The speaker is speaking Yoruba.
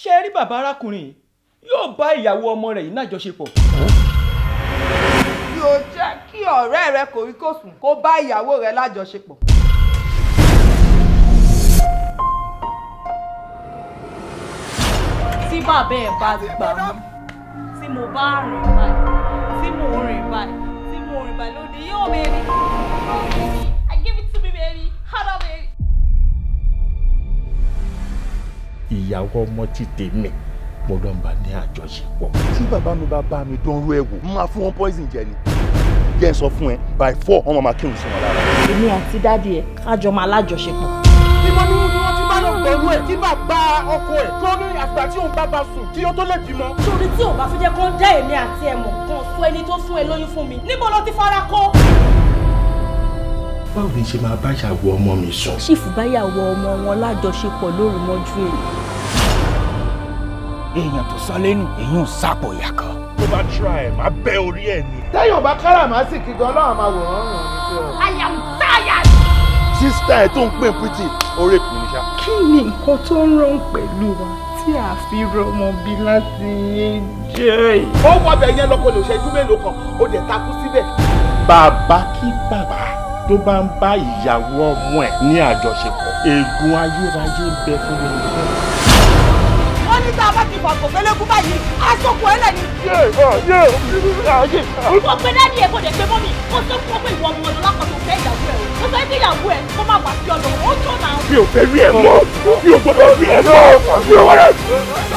ṣé rí bàbá arákùnrin yóò bá ìyàwó ọmọ rẹ̀ yìí nájọṣepọ̀. yóò jẹ́ kí ọ̀rẹ́ rẹ kòríkòsùn kó bá ìyàwó rẹ lájọṣepọ̀. tí bàbá ẹ̀ bá gbà mí tí mo bá rìn báyìí tí mo rìn báyìí tí mo rìn báyìí lóde yóò bẹ̀rẹ̀. ìyàwó ọmọ ti tèmi mo lọ́n bá ní àjọṣepọ̀. tí bàbá mi bá bá mi dán rú ẹ máa fún wọn poison jẹ ni jẹ́ ẹ sọ fún ẹ by four wọn máa kírun sí wọn lára. èmi àti dáàdi ẹ kájọ máa lájọṣepọ̀. ìmọ̀ ni wọ́n ti bá lọ pẹ̀lú ẹ̀ tí bàbá ọkọ ẹ̀ tó ní àgbà tí òun bá bá sùn kí ó tó lè bímọ. torí tí òun bá fi jẹ́ kó dá èmi àti ẹ̀mọ̀ kan fún ẹni tó fún ẹ lóyún fún mi níbo ló ti fara kó báwo ni ṣe máa bá ìyàwó ọmọ mi sùn. ṣìfù èèyàn tó sọ lẹ́nu èèyàn sápò ìyá kan. bá tíra ẹ̀ má bẹ́ orí ẹ̀ ni. téèyàn bá kára má sì kí gan náà máa wòrán rùn ní pé ọ. I am tired. sísítà ẹ̀ tó ń pè pìtì orí èkó ni ṣá. kí ni nǹkan tó ń rán pẹ̀lú wa tí a fi rọmọ bí láti jẹ́. ó wọbẹ̀ yẹn lọ kó lè ṣẹ́jú mélòó kan ó dẹ̀ takú síbẹ̀. bàbá kí bàbá tó bá ń bá ìyàwó ọmọ ẹ̀ ní àjọṣepọ̀ ègún ayérayé bẹ fún mi nìkan àgọ̀fẹ́lẹ́kú báyìí aṣọ́kù ẹlẹ́ ni. mo pe dáàdi ẹ̀ kò dé pé mọ́mì ó sọ fún ọ pé ìwọ ọmọ ọdún lápapọ̀ fẹ́ ìyàwó ẹ̀ mo fẹ́ kí ìyàwó ẹ̀ kó má wà sí ọ̀dọ̀ ó jọ̀nà. mi ò fẹ́ rí ẹ mọ́ mi ò gbọ́dọ̀ rí ẹ mọ́ mi ò wọ́n rẹ̀.